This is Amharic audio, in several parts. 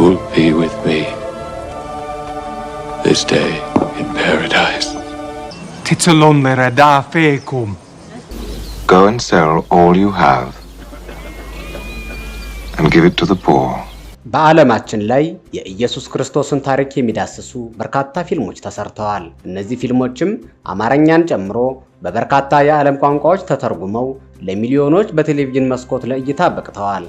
will be with me this day in paradise. Titsalonlere da fecum. Go and sell all you have and give it to the poor. በዓለማችን ላይ የኢየሱስ ክርስቶስን ታሪክ የሚዳስሱ በርካታ ፊልሞች ተሰርተዋል። እነዚህ ፊልሞችም አማርኛን ጨምሮ በበርካታ የዓለም ቋንቋዎች ተተርጉመው ለሚሊዮኖች በቴሌቪዥን መስኮት ለእይታ በቅተዋል።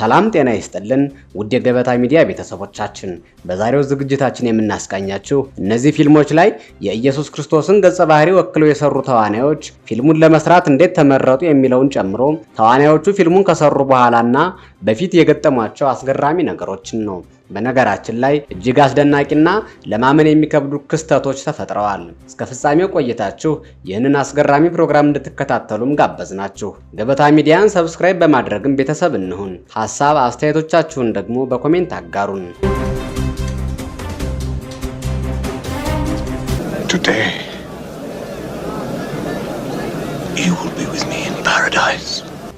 ሰላም ጤና ይስጥልን ውድ የገበታ ሚዲያ ቤተሰቦቻችን፣ በዛሬው ዝግጅታችን የምናስቃኛችሁ እነዚህ ፊልሞች ላይ የኢየሱስ ክርስቶስን ገጸ ባህሪ ወክለው የሰሩ ተዋናዮች ፊልሙን ለመስራት እንዴት ተመረጡ የሚለውን ጨምሮ ተዋናዮቹ ፊልሙን ከሰሩ በኋላና በፊት የገጠሟቸው አስገራሚ ነገሮችን ነው። በነገራችን ላይ እጅግ አስደናቂና ለማመን የሚከብዱ ክስተቶች ተፈጥረዋል። እስከ ፍጻሜው ቆይታችሁ ይህንን አስገራሚ ፕሮግራም እንድትከታተሉም ጋበዝናችሁ። ገበታ ሚዲያን ሰብስክራይብ በማድረግም ቤተሰብ እንሁን። ሀሳብ አስተያየቶቻችሁን ደግሞ በኮሜንት አጋሩን። Today, you will be with me in paradise.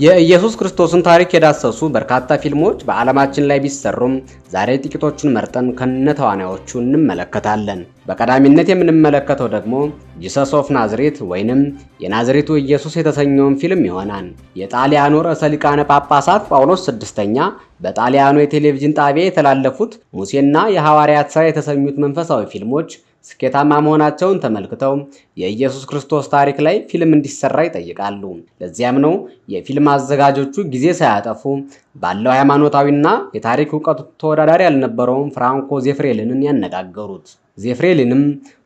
የኢየሱስ ክርስቶስን ታሪክ የዳሰሱ በርካታ ፊልሞች በዓለማችን ላይ ቢሰሩም ዛሬ ጥቂቶቹን መርጠን ከነተዋናዮቹ እንመለከታለን። በቀዳሚነት የምንመለከተው ደግሞ ጂሰስ ኦፍ ናዝሬት ወይንም የናዝሬቱ ኢየሱስ የተሰኘውን ፊልም ይሆናል። የጣሊያኑ ርዕሰ ሊቃነ ጳጳሳት ጳውሎስ ስድስተኛ በጣሊያኑ የቴሌቪዥን ጣቢያ የተላለፉት ሙሴና የሐዋርያት ሥራ የተሰኙት መንፈሳዊ ፊልሞች ስኬታማ መሆናቸውን ተመልክተው የኢየሱስ ክርስቶስ ታሪክ ላይ ፊልም እንዲሰራ ይጠይቃሉ። ለዚያም ነው የፊልም አዘጋጆቹ ጊዜ ሳያጠፉ ባለው ሃይማኖታዊና የታሪክ እውቀቱ ተወዳዳሪ ያልነበረውን ፍራንኮ ዜፍሬልንን ያነጋገሩት። ዜፍሬሊንም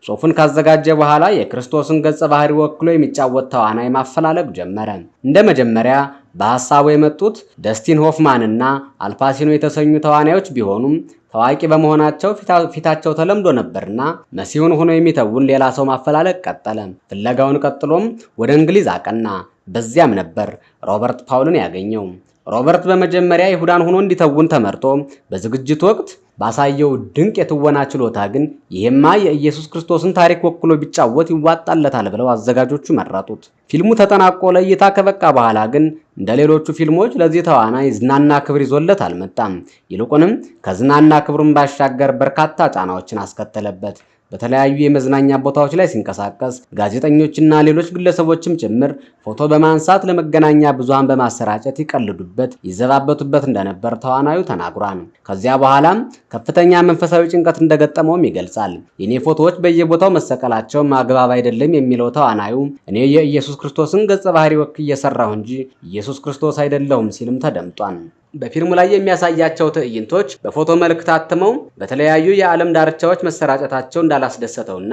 ጽሑፉን ካዘጋጀ በኋላ የክርስቶስን ገጸ ባህሪ ወክሎ የሚጫወት ተዋናይ ማፈላለግ ጀመረ። እንደ መጀመሪያ በሐሳቡ የመጡት ደስቲን ሆፍማን እና አልፓሲኖ የተሰኙ ተዋናዮች ቢሆኑም ታዋቂ በመሆናቸው ፊታቸው ተለምዶ ነበርና መሲሁን ሆኖ የሚተውን ሌላ ሰው ማፈላለግ ቀጠለ። ፍለጋውን ቀጥሎም ወደ እንግሊዝ አቀና። በዚያም ነበር ሮበርት ፓውልን ያገኘው። ሮበርት በመጀመሪያ ይሁዳን ሆኖ እንዲተውን ተመርጦ በዝግጅት ወቅት ባሳየው ድንቅ የትወና ችሎታ ግን ይሄማ የኢየሱስ ክርስቶስን ታሪክ ወክሎ ቢጫወት ይዋጣለታል ብለው አዘጋጆቹ መረጡት። ፊልሙ ተጠናቆ ለእይታ ከበቃ በኋላ ግን እንደ ሌሎቹ ፊልሞች ለዚህ ተዋናይ ዝናና ክብር ይዞለት አልመጣም። ይልቁንም ከዝናና ክብሩን ባሻገር በርካታ ጫናዎችን አስከተለበት። በተለያዩ የመዝናኛ ቦታዎች ላይ ሲንቀሳቀስ ጋዜጠኞችና ሌሎች ግለሰቦችም ጭምር ፎቶ በማንሳት ለመገናኛ ብዙሃን በማሰራጨት ይቀልዱበት፣ ይዘባበቱበት እንደነበር ተዋናዩ ተናግሯል። ከዚያ በኋላም ከፍተኛ መንፈሳዊ ጭንቀት እንደገጠመውም ይገልጻል። የኔ ፎቶዎች በየቦታው መሰቀላቸው ማግባብ አይደለም የሚለው ተዋናዩ እኔ የኢየሱስ ክርስቶስን ገጸ ባህሪ ወክ እየሰራሁ እንጂ ኢየሱስ ክርስቶስ አይደለሁም ሲልም ተደምጧል። በፊልሙ ላይ የሚያሳያቸው ትዕይንቶች በፎቶ መልክ ታትመው በተለያዩ የዓለም ዳርቻዎች መሰራጨታቸው እንዳላስደሰተውና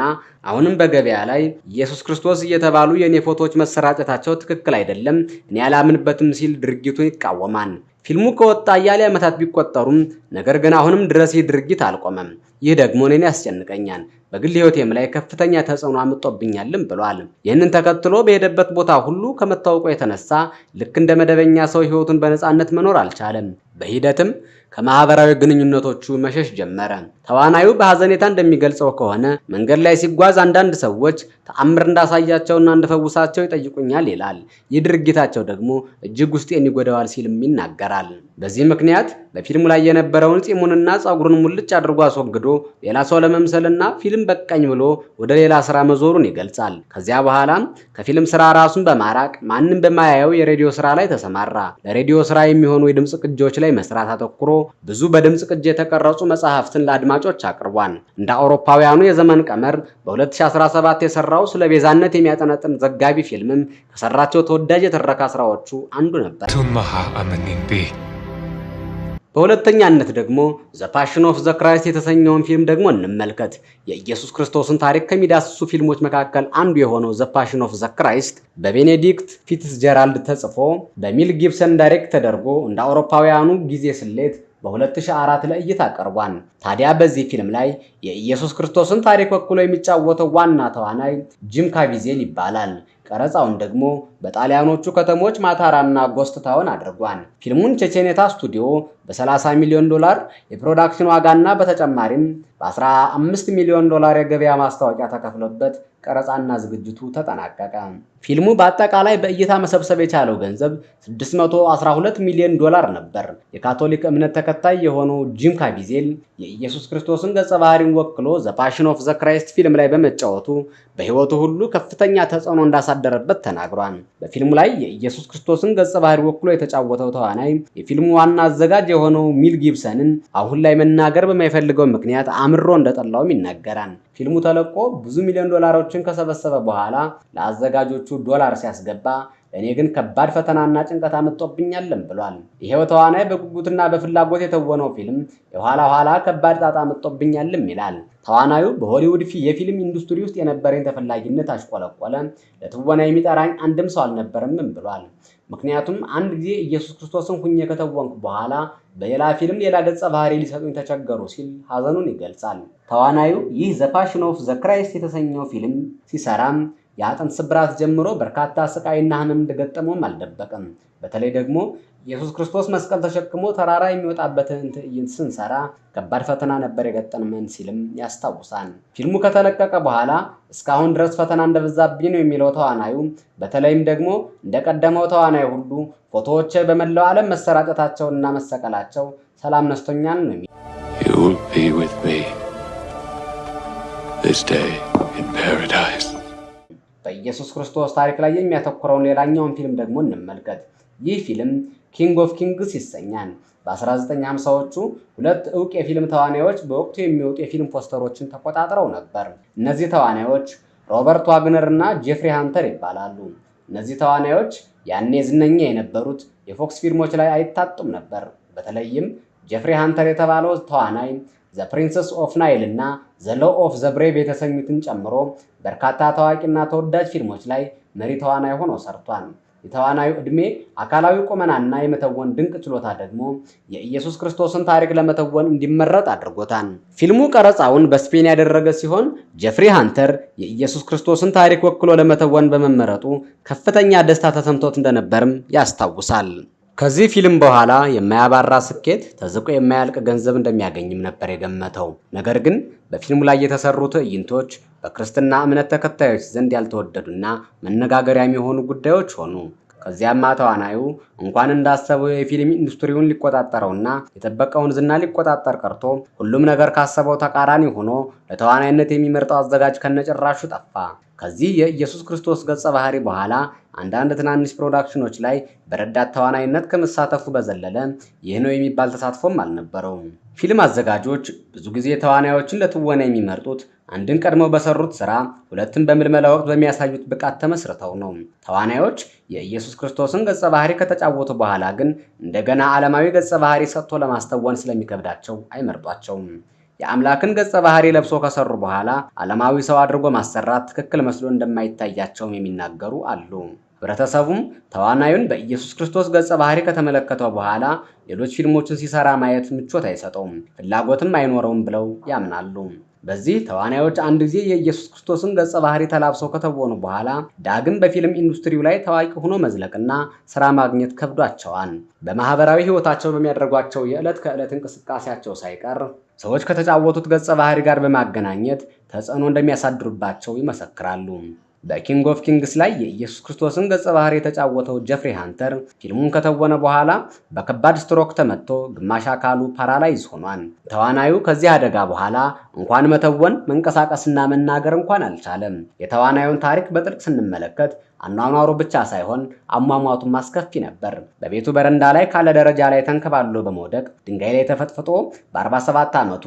አሁንም በገበያ ላይ ኢየሱስ ክርስቶስ እየተባሉ የእኔ ፎቶዎች መሰራጨታቸው ትክክል አይደለም፣ እኔ አላምንበትም ሲል ድርጊቱን ይቃወማል። ፊልሙ ከወጣ አያሌ ዓመታት ቢቆጠሩም ነገር ግን አሁንም ድረስ ይህ ድርጊት አልቆመም። ይህ ደግሞ እኔን ያስጨንቀኛል፣ በግል ሕይወቴም ላይ ከፍተኛ ተጽዕኖ አምጦብኛልም ብሏል። ይህንን ተከትሎ በሄደበት ቦታ ሁሉ ከመታወቁ የተነሳ ልክ እንደ መደበኛ ሰው ሕይወቱን በነፃነት መኖር አልቻለም። በሂደትም ከማህበራዊ ግንኙነቶቹ መሸሽ ጀመረ። ተዋናዩ በሐዘኔታ እንደሚገልጸው ከሆነ መንገድ ላይ ሲጓዝ አንዳንድ ሰዎች ተአምር እንዳሳያቸውና እንደፈውሳቸው ይጠይቁኛል ይላል። ይህ ድርጊታቸው ደግሞ እጅግ ውስጤን ይጎዳዋል ሲልም ይናገራል። በዚህ ምክንያት በፊልሙ ላይ የነበረውን ጺሙንና ጸጉሩን ሙልጭ አድርጎ አስወግዶ ሌላ ሰው ለመምሰልና ፊልም በቃኝ ብሎ ወደ ሌላ ስራ መዞሩን ይገልጻል። ከዚያ በኋላም ከፊልም ስራ ራሱን በማራቅ ማንም በማያየው የሬዲዮ ስራ ላይ ተሰማራ። ለሬዲዮ ስራ የሚሆኑ የድምፅ ቅጂዎች ላይ መስራት አተኩሮ ብዙ በድምፅ ቅጅ የተቀረጹ መጽሐፍትን ለአድማጮች አቅርቧል። እንደ አውሮፓውያኑ የዘመን ቀመር በ2017 የሰራው ስለ ቤዛነት የሚያጠነጥን ዘጋቢ ፊልምም ከሰራቸው ተወዳጅ የትረካ ስራዎቹ አንዱ ነበር። በሁለተኛነት ደግሞ ዘ ፓሽን ኦፍ ዘ ክራይስት የተሰኘውን ፊልም ደግሞ እንመልከት። የኢየሱስ ክርስቶስን ታሪክ ከሚዳስሱ ፊልሞች መካከል አንዱ የሆነው ዘ ፓሽን ኦፍ ዘ ክራይስት በቤኔዲክት ጀራልድ ተጽፎ በሚል ጊብሰን ዳይሬክት ተደርጎ እንደ አውሮፓውያኑ ጊዜ ስሌት በ2004 ለእይታ ቀርቧል። ታዲያ በዚህ ፊልም ላይ የኢየሱስ ክርስቶስን ታሪክ ወክሎ የሚጫወተው ዋና ተዋናይ ጂም ካቪዜል ይባላል። ቀረጻውን ደግሞ በጣሊያኖቹ ከተሞች ማታራና ጎስትታውን አድርጓል። ፊልሙን ቼቼኔታ ስቱዲዮ በ30 ሚሊዮን ዶላር የፕሮዳክሽን ዋጋና በተጨማሪም በ15 ሚሊዮን ዶላር የገበያ ማስታወቂያ ተከፍሎበት ቀረጻና ዝግጅቱ ተጠናቀቀ። ፊልሙ በአጠቃላይ በእይታ መሰብሰብ የቻለው ገንዘብ 612 ሚሊዮን ዶላር ነበር። የካቶሊክ እምነት ተከታይ የሆነው ጂም ካቪዜል የኢየሱስ ክርስቶስን ገጸ ባህሪን ወክሎ ዘ ፓሽን ኦፍ ዘ ክራይስት ፊልም ላይ በመጫወቱ በሕይወቱ ሁሉ ከፍተኛ ተጽዕኖ እንዳሳደ እንዳሳደረበት ተናግሯል። በፊልሙ ላይ የኢየሱስ ክርስቶስን ገጸ ባህሪ ወክሎ የተጫወተው ተዋናይ የፊልሙ ዋና አዘጋጅ የሆነው ሚል ጊብሰንን አሁን ላይ መናገር በማይፈልገው ምክንያት አምሮ እንደጠላውም ይናገራል። ፊልሙ ተለቆ ብዙ ሚሊዮን ዶላሮችን ከሰበሰበ በኋላ ለአዘጋጆቹ ዶላር ሲያስገባ እኔ ግን ከባድ ፈተናና ጭንቀት አምጦብኛለን ብሏል። ይሄው ተዋናይ በጉጉትና በፍላጎት የተወነው ፊልም የኋላ ኋላ ከባድ ጣጣ አምጦብኛልም ይላል። ተዋናዩ በሆሊውድ የፊልም ኢንዱስትሪ ውስጥ የነበረኝ ተፈላጊነት አሽቆለቆለ፣ ለትወና የሚጠራኝ አንድም ሰው አልነበረምም ብሏል። ምክንያቱም አንድ ጊዜ ኢየሱስ ክርስቶስን ሁኜ ከተወንኩ በኋላ በሌላ ፊልም ሌላ ገጸ ባህሪ ሊሰጡኝ ተቸገሩ ሲል ሀዘኑን ይገልጻል። ተዋናዩ ይህ ዘ ፓሽን ኦፍ ዘ ክራይስት የተሰኘው ፊልም ሲሰራም የአጥንት ስብራት ጀምሮ በርካታ ስቃይና ህመም እንደገጠመውም አልደበቅም። በተለይ ደግሞ ኢየሱስ ክርስቶስ መስቀል ተሸክሞ ተራራ የሚወጣበትን ትዕይንት ስንሰራ ከባድ ፈተና ነበር የገጠመን ሲልም ያስታውሳል። ፊልሙ ከተለቀቀ በኋላ እስካሁን ድረስ ፈተና እንደበዛብኝ ነው የሚለው ተዋናዩ፣ በተለይም ደግሞ እንደቀደመው ተዋናይ ሁሉ ፎቶዎች በመላው ዓለም መሰራጨታቸውና መሰቀላቸው ሰላም ነስቶኛል ነው የሚለው በኢየሱስ ክርስቶስ ታሪክ ላይ የሚያተኩረውን ሌላኛውን ፊልም ደግሞ እንመልከት። ይህ ፊልም ኪንግ ኦፍ ኪንግስ ይሰኛል። በ1950ዎቹ ሁለት እውቅ የፊልም ተዋናዮች በወቅቱ የሚወጡ የፊልም ፖስተሮችን ተቆጣጥረው ነበር። እነዚህ ተዋናዮች ሮበርት ዋግነር እና ጄፍሪ ሃንተር ይባላሉ። እነዚህ ተዋናዮች ያኔ ዝነኛ የነበሩት የፎክስ ፊልሞች ላይ አይታጡም ነበር። በተለይም ጄፍሪ ሃንተር የተባለው ተዋናይ ዘ ፕሪንሰስ ኦፍ ናይል እና ዘ ሎው ኦፍ ዘ ብሬቭ የተሰኙትን ጨምሮ በርካታ ታዋቂና ተወዳጅ ፊልሞች ላይ መሪ ተዋናይ ሆኖ ሰርቷል። የተዋናዩ ዕድሜ፣ አካላዊ ቁመናና የመተወን ድንቅ ችሎታ ደግሞ የኢየሱስ ክርስቶስን ታሪክ ለመተወን እንዲመረጥ አድርጎታል። ፊልሙ ቀረጻውን በስፔን ያደረገ ሲሆን ጀፍሪ ሃንተር የኢየሱስ ክርስቶስን ታሪክ ወክሎ ለመተወን በመመረጡ ከፍተኛ ደስታ ተሰምቶት እንደነበርም ያስታውሳል። ከዚህ ፊልም በኋላ የማያባራ ስኬት ተዝቆ የማያልቅ ገንዘብ እንደሚያገኝም ነበር የገመተው። ነገር ግን በፊልሙ ላይ የተሰሩ ትዕይንቶች በክርስትና እምነት ተከታዮች ዘንድ ያልተወደዱና መነጋገሪያ የሚሆኑ ጉዳዮች ሆኑ። ከዚያም ተዋናዩ እንኳን እንዳሰበው የፊልም ኢንዱስትሪውን ሊቆጣጠረውና የጠበቀውን ዝና ሊቆጣጠር ቀርቶ ሁሉም ነገር ካሰበው ተቃራኒ ሆኖ ለተዋናይነት የሚመርጠው አዘጋጅ ከነጭራሹ ጠፋ። ከዚህ የኢየሱስ ክርስቶስ ገጸ ባህሪ በኋላ አንዳንድ ትናንሽ ፕሮዳክሽኖች ላይ በረዳት ተዋናይነት ከመሳተፉ በዘለለ ይህ ነው የሚባል ተሳትፎም አልነበረውም። ፊልም አዘጋጆች ብዙ ጊዜ ተዋናዮችን ለትወና የሚመርጡት አንድን ቀድመው በሰሩት ስራ፣ ሁለትም በምልመላ ወቅት በሚያሳዩት ብቃት ተመስርተው ነው። ተዋናዮች የኢየሱስ ክርስቶስን ገጸ ባህሪ ከተጫወቱ በኋላ ግን እንደገና ዓለማዊ ገጸ ባህሪ ሰጥቶ ለማስተወን ስለሚከብዳቸው አይመርጧቸውም። የአምላክን ገጸ ባህሪ ለብሶ ከሰሩ በኋላ ዓለማዊ ሰው አድርጎ ማሰራት ትክክል መስሎ እንደማይታያቸውም የሚናገሩ አሉ። ህብረተሰቡም ተዋናዩን በኢየሱስ ክርስቶስ ገጸ ባህሪ ከተመለከተው በኋላ ሌሎች ፊልሞችን ሲሰራ ማየት ምቾት አይሰጠውም፣ ፍላጎትም አይኖረውም ብለው ያምናሉ። በዚህ ተዋናዮች አንድ ጊዜ የኢየሱስ ክርስቶስን ገጸ ባህሪ ተላብሰው ከተወኑ በኋላ ዳግም በፊልም ኢንዱስትሪው ላይ ታዋቂ ሆኖ መዝለቅና ስራ ማግኘት ከብዷቸዋል። በማህበራዊ ህይወታቸው በሚያደርጓቸው የዕለት ከዕለት እንቅስቃሴያቸው ሳይቀር ሰዎች ከተጫወቱት ገጸ ባህሪ ጋር በማገናኘት ተጽዕኖ እንደሚያሳድሩባቸው ይመሰክራሉ። በኪንግ ኦፍ ኪንግስ ላይ የኢየሱስ ክርስቶስን ገጸ ባህሪ የተጫወተው ጀፍሪ ሃንተር ፊልሙን ከተወነ በኋላ በከባድ ስትሮክ ተመትቶ ግማሽ አካሉ ፓራላይዝ ሆኗል። ተዋናዩ ከዚህ አደጋ በኋላ እንኳን መተወን መንቀሳቀስና መናገር እንኳን አልቻለም። የተዋናዩን ታሪክ በጥልቅ ስንመለከት አኗኗሩ ብቻ ሳይሆን አሟሟቱም አስከፊ ነበር። በቤቱ በረንዳ ላይ ካለ ደረጃ ላይ ተንከባሎ በመውደቅ ድንጋይ ላይ ተፈጥፍጦ በ47 ዓመቱ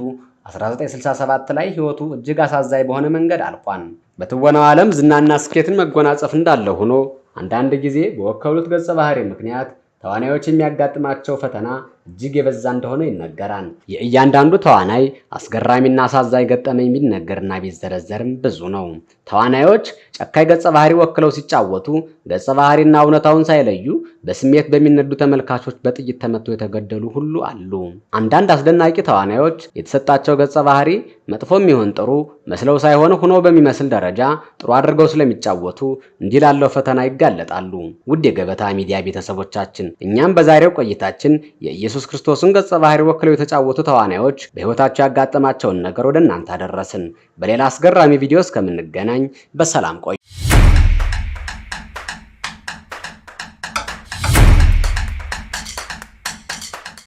1967 ላይ ሕይወቱ እጅግ አሳዛኝ በሆነ መንገድ አልቋል። በትወናው ዓለም ዝናና ስኬትን መጎናጸፍ እንዳለ ሆኖ አንዳንድ ጊዜ በወከሉት ገጸ ባህሪ ምክንያት ተዋናዮች የሚያጋጥማቸው ፈተና እጅግ የበዛ እንደሆነ ይነገራል። የእያንዳንዱ ተዋናይ አስገራሚና አሳዛኝ ገጠመኝ ቢነገርና ቢዘረዘርም ብዙ ነው። ተዋናዮች ጨካኝ ገጸ ባህሪ ወክለው ሲጫወቱ ገጸ ባህሪና እውነታውን ሳይለዩ በስሜት በሚነዱ ተመልካቾች በጥይት ተመትቶ የተገደሉ ሁሉ አሉ። አንዳንድ አስደናቂ ተዋናዮች የተሰጣቸው ገጸ ባህሪ መጥፎም የሚሆን ጥሩ መስለው ሳይሆን ሆኖ በሚመስል ደረጃ ጥሩ አድርገው ስለሚጫወቱ እንዲህ ላለው ፈተና ይጋለጣሉ። ውድ የገበታ ሚዲያ ቤተሰቦቻችን እኛም በዛሬው ቆይታችን የኢየሱስ የኢየሱስ ክርስቶስን ገጸ ባህሪ ወክለው የተጫወቱ ተዋናዮች በሕይወታቸው ያጋጠማቸውን ነገር ወደ እናንተ አደረስን። በሌላ አስገራሚ ቪዲዮ እስከምንገናኝ በሰላም ቆዩ።